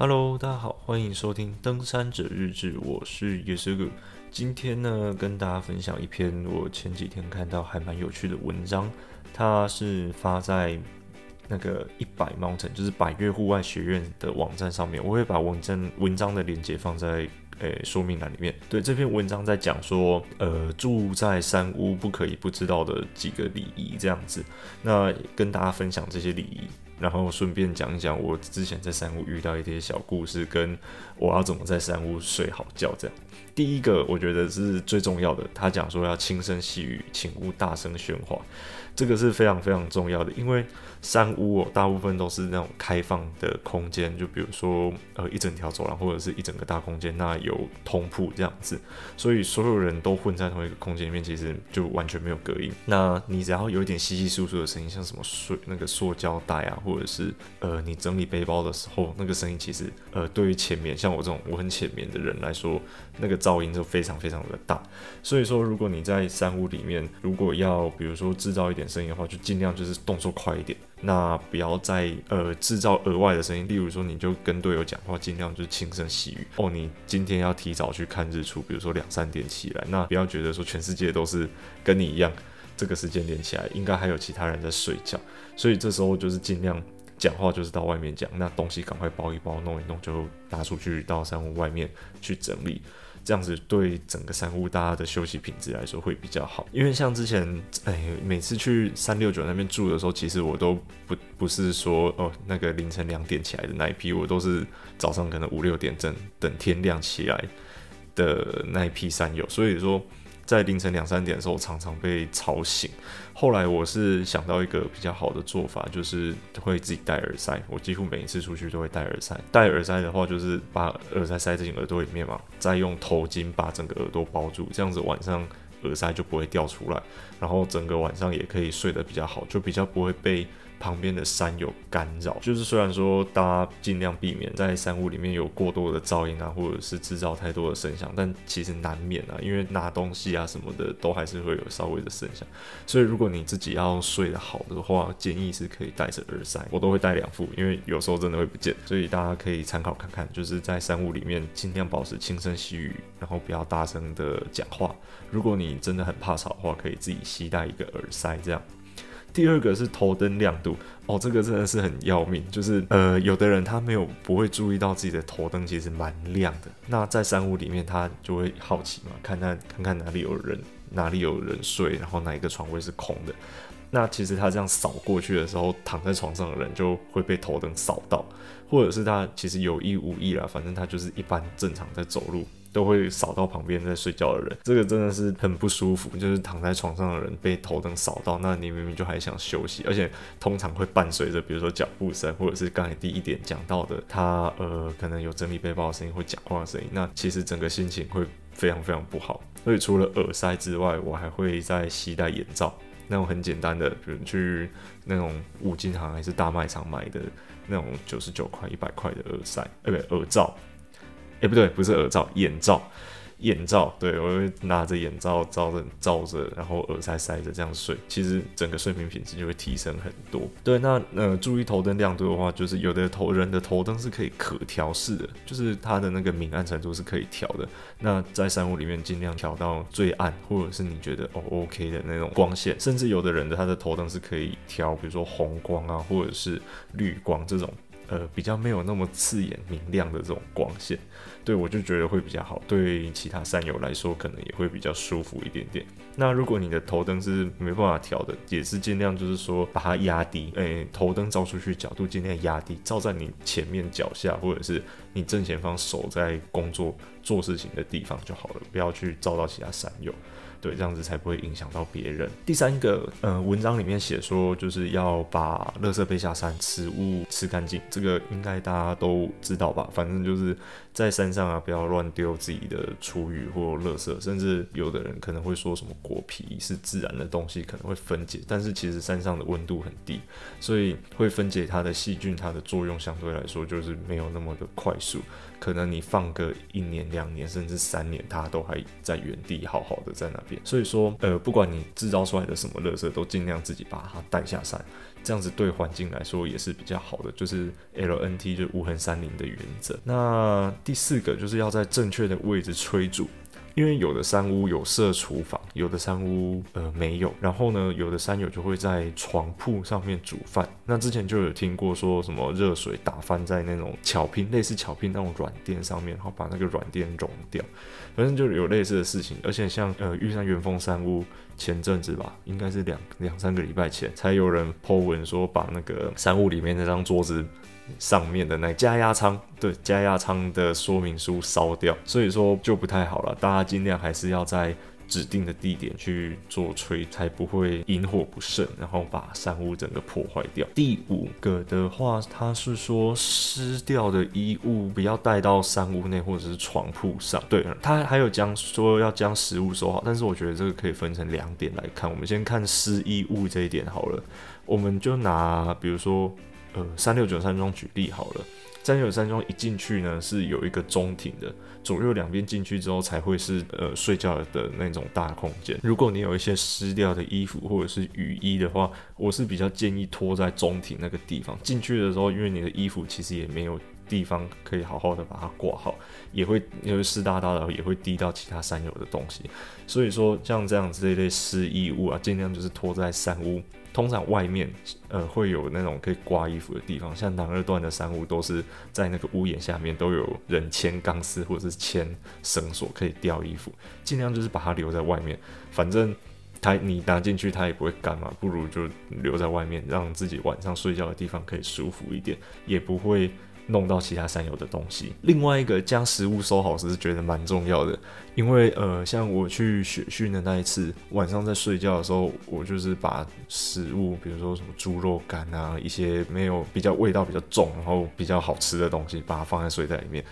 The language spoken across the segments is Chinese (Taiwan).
Hello，大家好，歡迎收聽《登山者日誌》，我是 Yosu 哥。今天呢，跟大家分享一篇我前幾天看到還蠻有趣的文章，它是發在那個一百 Mountain，就是百岳戶外學院的網站上面。我會把文章文章的鏈接放在誒、欸、說明欄裡面。對，這篇文章在講說，呃，住在山屋不可以不知道的幾個禮儀這樣子。那跟大家分享這些禮儀。然後順便講一講我之前在山屋遇到一些小故事，跟我要怎麼在山屋睡好覺這樣。第一個我覺得是最重要的，他講說要輕聲細語，請勿大聲喧嘩，這個是非常非常重要的，因為山屋哦大部分都是那種開放的空間，就比如說呃一整條走廊或者是一整個大空間，那有通鋪這樣子，所以所有人都混在同一個空間裡面，其實就完全沒有隔音。那你只要有一點窸窸窣窣的聲音，像什麼塑那個塑膠袋啊。或者是呃，你整理背包的時候，那個聲音其實呃，對於淺眠像我這種我很淺眠的人來說，那個噪音就非常非常的大。所以說，如果你在山屋裡面，如果要比如說制造一點聲音的話，就儘量就是動作快一點，那不要再呃制造額外的聲音。例如說，你就跟隊友講話，儘量就是輕聲細語哦。你今天要提早去看日出，比如說兩三點起來，那不要覺得說全世界都是跟你一樣。這個時間點起來，應該還有其他人在睡覺，所以這時候就是盡量講話，就是到外面講。那東西趕快包一包，弄一弄，就拿出去到山屋外面去整理。這樣子對整個山屋大家的休息品質來說會比較好。因為像之前，哎，每次去三六九那邊住的時候，其實我都不不是說哦，那個凌晨兩點起來的那一批，我都是早上可能五六點整，等天亮起來的那一批山友。所以說。在凌晨兩三點的時候，我常常被吵醒。後來我是想到一個比較好的做法，就是會自己戴耳塞。我幾乎每一次出去都會戴耳塞。戴耳塞的話，就是把耳塞塞進耳朵裡面嘛，再用頭巾把整個耳朵包住，這樣子晚上耳塞就不會掉出來，然後整個晚上也可以睡得比較好，就比較不會被旁邊的山有干擾，就是雖然說大家儘量避免在山屋裡面有過多的噪音啊，或者是制造太多的聲響，但其實難免啊，因為拿東西啊什麼的都還是會有稍微的聲響。所以如果你自己要睡得好的話，建議是可以戴着耳塞，我都會帶兩副，因為有時候真的會不見，所以大家可以參考看看，就是在山屋裡面儘量保持輕聲細語，然後不要大聲的講話。如果你真的很怕吵的話，可以自己攜帶一個耳塞這樣。第二個是頭燈亮度哦，這個真的是很要命，就是呃，有的人他沒有不會注意到自己的頭燈其實蠻亮的，那在山屋裡面他就會好奇嘛，看看看看哪裡有人，哪裡有人睡，然後哪一個床位是空的，那其實他這樣掃過去的時候，躺在床上的人就會被頭燈掃到，或者是他其實有意無意啦，反正他就是一般正常在走路，都會掃到旁邊在睡覺的人，這個真的是很不舒服。就是躺在床上的人被頭燈掃到，那你明明就還想休息，而且通常會伴隨着，比如說腳步聲，或者是剛才第一點講到的，他呃可能有整理背包的聲音，或講話的聲音。那其實整個心情會非常非常不好。所以除了耳塞之外，我還會再攜帶眼罩，那種很簡單的，比如去那種五金行還是大賣場買的那種九十九塊、一百塊的耳塞，不對，耳罩。誒，欸、不對，不是耳罩，眼罩，眼罩。對，我會拿着眼罩罩着，罩着，然後耳塞塞着這樣睡，其實整個睡眠品質就會提升很多。對，那呃，注意頭燈亮度的話，就是有的頭人的頭燈是可以可調式的，就是它的那個明暗程度是可以調的。那在山屋裡面盡量調到最暗，或者是你覺得哦 OK 的那種光線。甚至有的人的他的頭燈是可以調，比如說紅光啊，或者是綠光這種。呃，比較沒有那麼刺眼明亮的這種光線，對我就覺得會比較好。對其他山友來說，可能也會比較舒服一點點。那如果你的頭燈是沒辦法調的，也是盡量就是說把它壓低，誒、欸，頭燈照出去角度盡量壓低，照在你前面腳下或者是你正前方手在工作做事情的地方就好了，不要去照到其他山友。對，這樣子才不會影響到別人。第三個，呃，文章裡面寫說，就是要把垃圾背下山吃，食物吃乾淨。這個應該大家都知道吧？反正就是在山上啊，不要亂丟自己的廚餘或垃圾。甚至有的人可能會說什麼果皮是自然的東西，可能會分解。但是其實山上的溫度很低，所以會分解它的細菌，它的作用相對來說就是沒有那麼的快速。可能你放個一年、兩年甚至三年，它都還在原地好好的在那。所以說，呃，不管你製造出來的什麼垃圾，都盡量自己把它帶下山，這樣子對環境來說也是比較好的，就是 LNT，就是無痕山林的原則。那第四個就是要在正確的位置炊煮。因為有的山屋有設廚房，有的山屋呃沒有。然後呢，有的山友就會在床鋪上面煮飯。那之前就有聽過說什麼熱水打翻在那種巧拼，類似巧拼那種軟墊上面，然後把那個軟墊溶掉。反正就有類似的事情，而且像呃遇上元豐三屋、玉山圓峰山屋。前陣子吧，應該是兩兩三個禮拜前，才有人 Po 文說，把那個山屋裡面那張桌子上面的那個加壓艙，對，加壓艙的說明書燒掉，所以說就不太好了，大家盡量還是要在。指定的地點去做炊，才不會引火不慎，然後把山屋整個破壞掉。第五個的話，它是說濕掉的衣物不要帶到山屋內或者是床鋪上。對、嗯、它還有將說要將食物收好，但是我覺得這個可以分成兩點來看。我們先看濕衣物這一點好了，我們就拿比如說呃三六九山莊舉例好了。三有山莊一進去呢，是有一個中庭的，左右兩邊進去之後才會是呃睡覺的那種大空間。如果你有一些濕掉的衣服或者是雨衣的話，我是比較建議脫在中庭那個地方。進去的時候，因為你的衣服其實也沒有地方可以好好的把它掛好，也會因為濕噠噠的，也會滴到其他山友的東西。所以說，像這樣子這一類濕衣物啊，盡量就是脫在山屋，通常外面，呃，會有那種可以掛衣服的地方，像南二段的山屋都是在那個屋檐下面，都有人牽鋼絲或者是牽繩索可以吊衣服，盡量就是把它留在外面，反正它你拿進去它也不會幹嘛，不如就留在外面，讓自己晚上睡覺的地方可以舒服一點，也不會弄到其他山友的東西。另外一個將食物收好時是覺得蠻重要的，因為呃，像我去雪訓的那一次，晚上在睡覺的時候，我就是把食物，比如說什麼豬肉乾啊，一些沒有比較味道比較重，然後比較好吃的東西，把它放在睡袋裡面。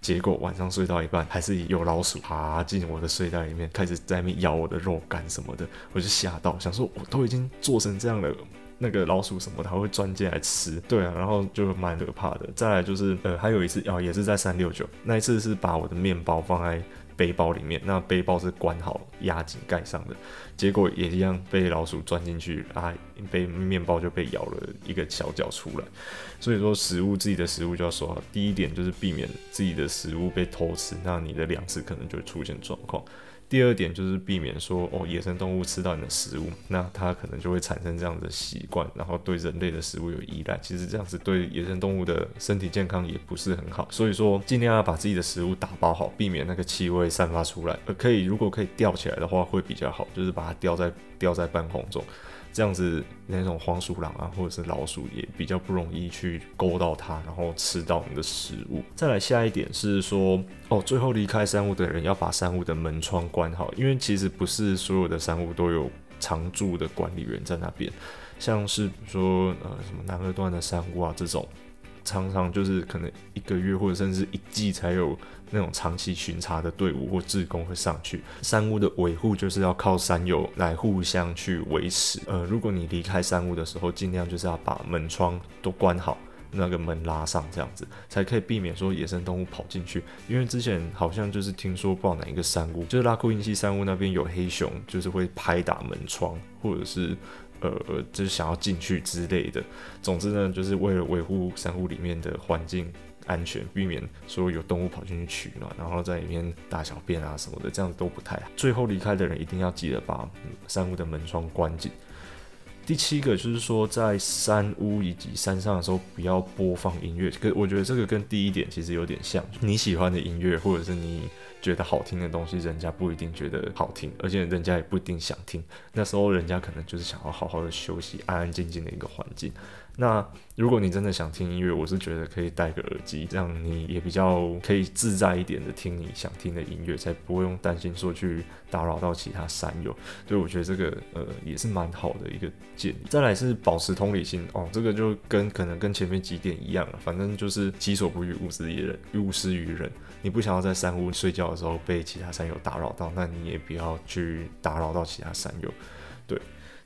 結果晚上睡到一半，還是有老鼠爬進我的睡袋裡面，開始在那邊咬我的肉乾什麼的，我就嚇到，想說我都已經做成這樣了。那個老鼠什麼，它會鑽進來吃，對啊，然後就蠻可怕的。再來就是，呃，還有一次哦，也是在三六九那一次，是把我的麵包放在背包裡面，那背包是關好、壓緊、蓋上的，結果也一樣被老鼠鑽進去啊，被麵包就被咬了一個小角出來。所以說，食物自己的食物就要收好，第一點就是避免自己的食物被偷吃，那你的糧食可能就會出現狀況。第二點就是避免說哦，野生動物吃到你的食物，那它可能就會產生這樣的習慣，然後對人類的食物有依賴。其實這樣子對野生動物的身體健康也不是很好，所以說盡量要把自己的食物打包好，避免那個氣味散發出來。而可以，如果可以吊起來的話，會比較好，就是把它吊在吊在半空中。這樣子，那種黃鼠狼啊，或者是老鼠，也比較不容易去勾到它，然後吃到你的食物。再來下一點是說，哦，最後離開山屋的人要把山屋的門窗關好，因為其實不是所有的山屋都有常駐的管理員在那邊，像是比如說，呃，什麼南二段的山屋啊這種。常常就是可能一個月或者甚至一季才有那種長期巡查的隊伍或志工會上去。山屋的維護就是要靠山友來互相去維持。呃，如果你離開山屋的時候，盡量就是要把門窗都關好，那個門拉上，這樣子才可以避免說野生動物跑進去。因為之前好像就是聽說不知道哪一個山屋，就是拉庫音溪山屋那邊有黑熊，就是會拍打門窗或者是。呃，就是想要進去之類的。總之呢，就是為了維護山屋裡面的環境安全，避免說有動物跑進去取暖，然後在裡面大小便啊什麼的，這樣子都不太好。最後離開的人一定要記得把山屋的門窗關緊。第七個就是說，在山屋以及山上的時候，不要播放音樂。可我覺得這個跟第一點其實有點像。你喜歡的音樂或者是你覺得好聽的東西，人家不一定覺得好聽，而且人家也不一定想聽。那時候人家可能就是想要好好的休息，安安靜靜的一個環境。那如果你真的想聽音樂，我是覺得可以戴個耳機，這樣你也比較可以自在一點的聽你想聽的音樂，才不會用擔心說去打擾到其他山友。所以我覺得這個呃也是蠻好的一個建議。再來是保持同理心哦，這個就跟可能跟前面幾點一樣了，反正就是己所不欲，勿施於人，勿施於人。你不想要在山屋睡覺的時候被其他山友打擾到，那你也不要去打擾到其他山友，對。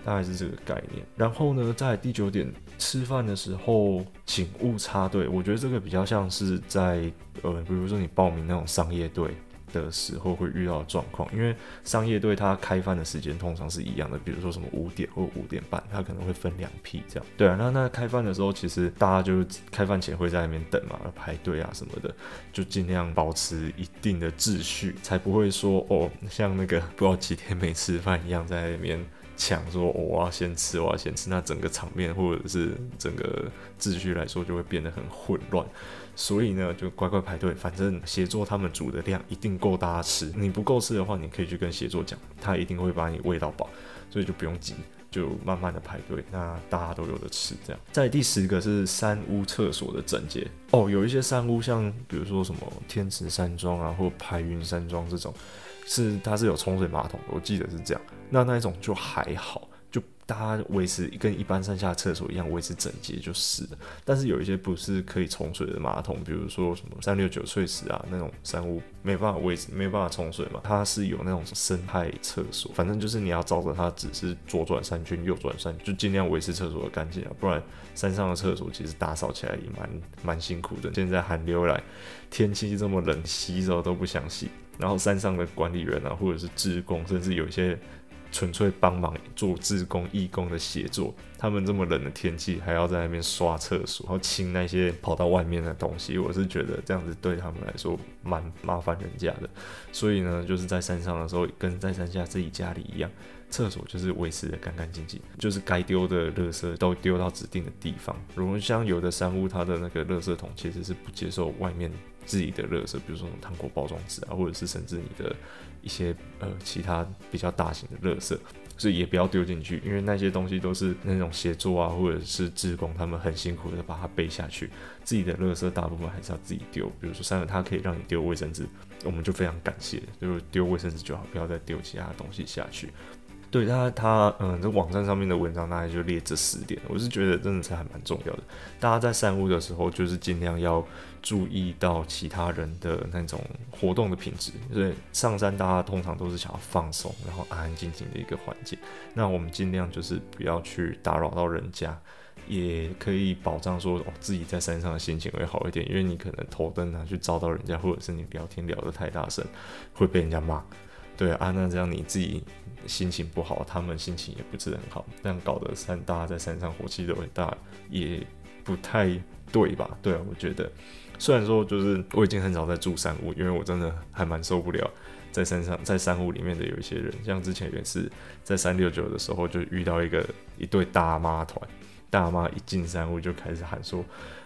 大概是這個概念。然後呢，在第九點吃飯的時候，請勿插隊。我覺得這個比較像是在呃，比如說你報名那種商業隊的時候會遇到的狀況，因為商業隊它開飯的時間通常是一樣的，比如說什麼五點或五點半，它可能會分兩批這樣。對啊，那那開飯的時候，其實大家就是開飯前會在那邊等嘛，要排隊啊什麼的，就盡量保持一定的秩序，才不會說哦，像那個不知道幾天沒吃飯一樣在那邊。搶說、哦、我要先吃，我要先吃，那整個場面或者是整個秩序來說就會變得很混亂，所以呢就乖乖排隊，反正協作他們煮的量一定夠大家吃，你不夠吃的話，你可以去跟協作講，他一定會把你餵到飽，所以就不用急，就慢慢的排隊，那大家都有得吃。這樣，再來第十個是山屋廁所的整潔哦，有一些山屋像比如說什麼天池山莊啊或排雲山莊這種。是，它是有沖水馬桶的，我記得是這樣。那那一種就還好，就大家維持跟一般山下的廁所一樣，維持整潔就是了。但是有一些不是可以沖水的馬桶，比如說什麼三六九碎石啊那種山屋，沒辦法維持，沒有辦法沖水嘛。它是有那種生態廁所，反正就是你要照着它指示左轉三圈，右轉三圈，就盡量維持廁所的乾淨啊。不然山上的廁所其實打掃起來也蠻蠻辛苦的。現在寒流來，天氣這麼冷，洗澡都不想洗。然後山上的管理員啊，或者是志工，甚至有一些純粹幫忙做志工義工的協作，他們這麼冷的天氣還要在那邊刷廁所，然後清那些跑到外面的東西，我是覺得這樣子對他們來說蠻麻煩人家的。所以呢，就是在山上的時候，跟在山下自己家裡一樣，廁所就是維持的干干淨淨，就是該丟的垃圾都丟到指定的地方。如果像有的山屋，它的那個垃圾桶其實是不接受外面，自己的垃圾，比如說那種糖果包裝紙啊，或者是甚至你的一些呃其他比較大型的垃圾，所以也不要丟進去，因為那些東西都是那種協作啊，或者是志工他們很辛苦的把它背下去。自己的垃圾大部分還是要自己丟，比如說三輪它可以讓你丟衛生紙，我們就非常感謝，就是丟衛生紙就好，不要再丟其他的東西下去。對他，他嗯，這網站上面的文章大概就列這四點，我是覺得真的是還蠻重要的。大家在散步的時候，就是儘量要注意到其他人的那種活動的品質。所以上山大家通常都是想要放鬆，然後安安靜靜的一個環境。那我們尽量就是不要去打擾到人家，也可以保障說哦自己在山上的心情會好一點。因為你可能頭燈啊去照到人家，或者是你聊天聊得太大聲，會被人家罵。對啊，啊，那這樣你自己心情不好，他們心情也不是很好，這樣搞得山大家在山上火氣都很大，也不太對吧？對啊，我覺得，雖然說就是我已經很少在住山屋，因為我真的還蠻受不了在山上在山屋裡面的有一些人，像之前也是在三六九的時候就遇到一個一對大媽團。大媽一進山屋就開始喊說：“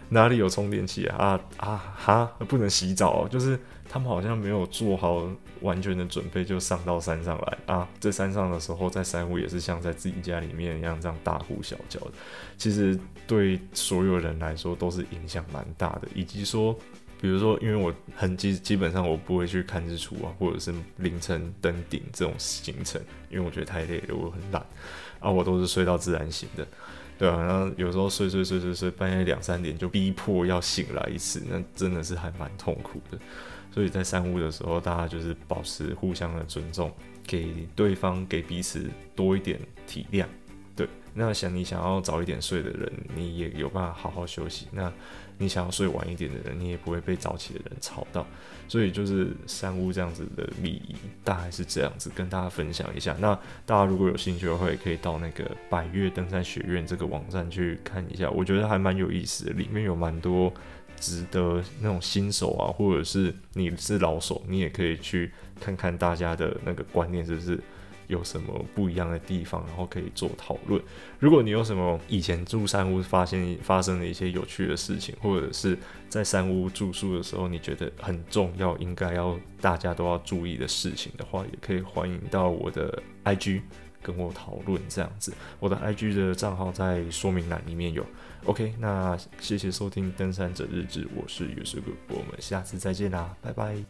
哪裡有充電器啊？啊，啊哈，不能洗澡哦！”就是他們好像沒有做好完全的準備就上到山上來啊。在山上的時候，在山屋也是像在自己家裡面一樣這樣大呼小叫的，其實對所有人來說都是影響蠻大的。以及說，比如說，因為我很基基本上我不會去看日出啊，或者是凌晨登頂這種行程，因為我覺得太累了，我很懶啊，我都是睡到自然醒的。對啊，然後有時候睡睡睡睡睡，半夜兩三點就逼迫要醒來一次，那真的是還蠻痛苦的。所以在山屋的時候，大家就是保持互相的尊重，給對方給彼此多一點體諒。那想你想要早一點睡的人，你也有辦法好好休息；那你想要睡晚一點的人，你也不會被早起的人吵到。所以就是山屋這樣子的禮儀，大概是這樣子跟大家分享一下。那大家如果有興趣的話，也可以到那個百岳登山學院這個網站去看一下，我覺得還蠻有意思的，裡面有蠻多值得那種新手啊，或者是你是老手，你也可以去看看大家的那個觀念是不是有什麼不一樣的地方，然後可以做討論。如果你有什麼以前住山屋發現發生的一些有趣的事情，或者是在山屋住宿的時候你覺得很重要，應該要大家都要注意的事情的話，也可以歡迎到我的 IG 跟我討論這樣子。我的 IG 的賬號在說明欄裡面有。OK，那謝謝收聽《登山者日誌》，我是月石哥，我們下次再見啦，拜拜。